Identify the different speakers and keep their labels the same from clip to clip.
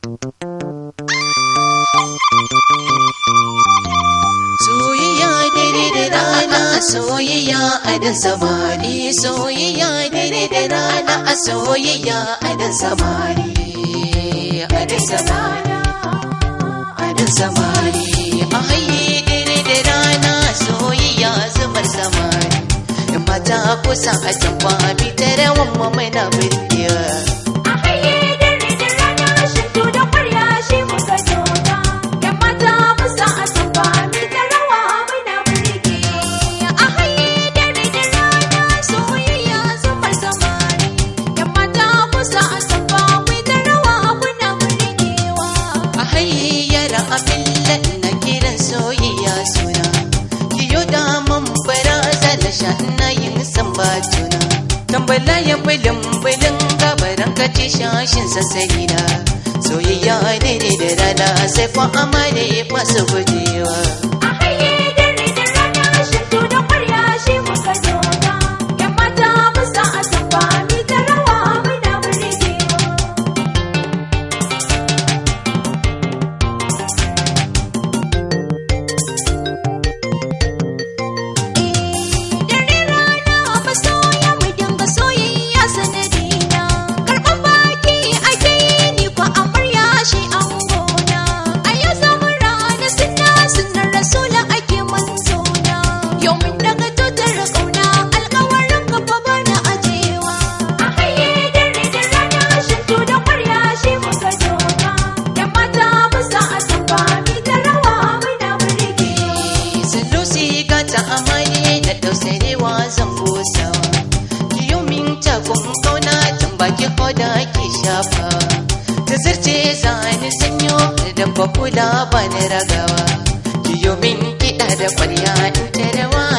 Speaker 1: Soyayya dare da rana, soyayya a dan samari, soyayya dare da rana, a soyayya a dan samari, a dan samari, a dan samari, a haye dare da rana, soyayya zubar samari. Mata kusa a can ba, tare ta mai mamai na bari. batuna tambala ya bilin bilin gabaran ka ci shashin sassari na soyayya ne da rana sai fa amare fa su ta amare da tausarewa zan kosa kiyomin takun kauna tun baki hoda ke shafa ta zarce zani sanyo da kwakula ba ni ragawa kiyomin kiɗa da kwarya ta rawa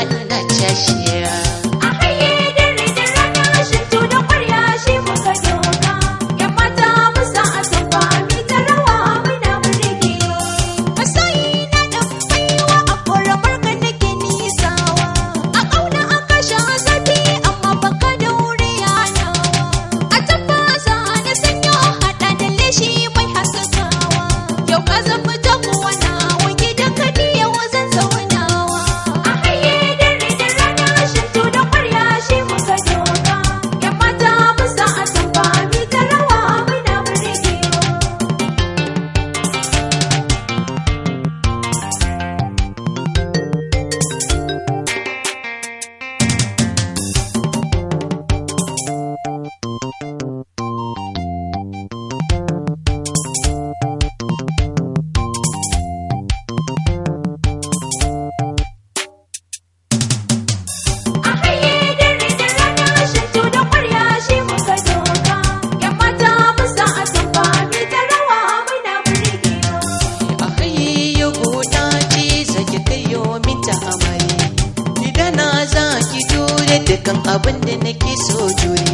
Speaker 1: kan abin da nake so jure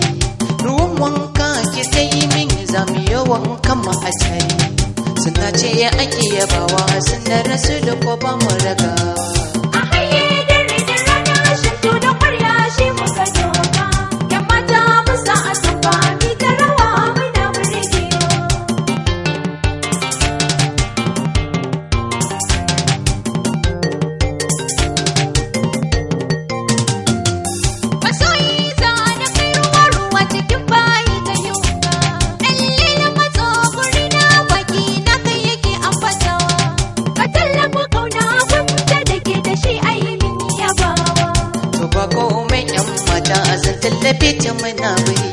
Speaker 1: ruwan wanka ki sai min zamu yawan kan mu asali suna ce ya ake yabawa sun rasu da ko ba mu ragawa ce ta muna mai